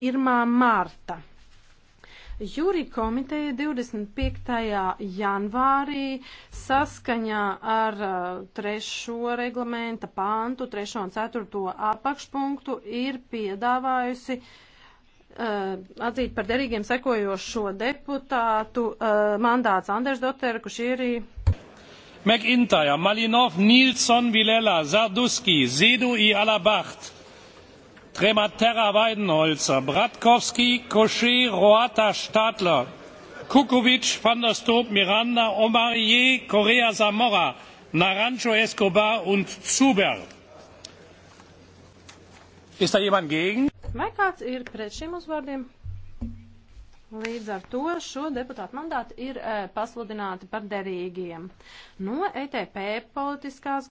1. marta. Jūri komiteja 25. janvārī saskaņā ar uh, trešo reglamenta pāntu, trešo un ceturto apakšpunktu ir piedāvājusi uh, atzīt par derīgiem sekojošo deputātu uh, mandāts Anders Dotera, kurš ir McIntyre, Malinov, Nilsson, Vilela, Zarduski, Zidu i Alabacht. Trematera Weidenholzer, Bratkowski, Cochet, Roata, Stadler, Kukovic, Van der Stoep, Miranda, Omarié, Correa Zamora, Naranjo Escobar und Zuber. Ist da jemand gegen? Vai kāds ir pret šiem uzvārdiem? Līdz ar to šo deputātu mandātu ir e, pasludināti par derīgiem. No ETP politiskās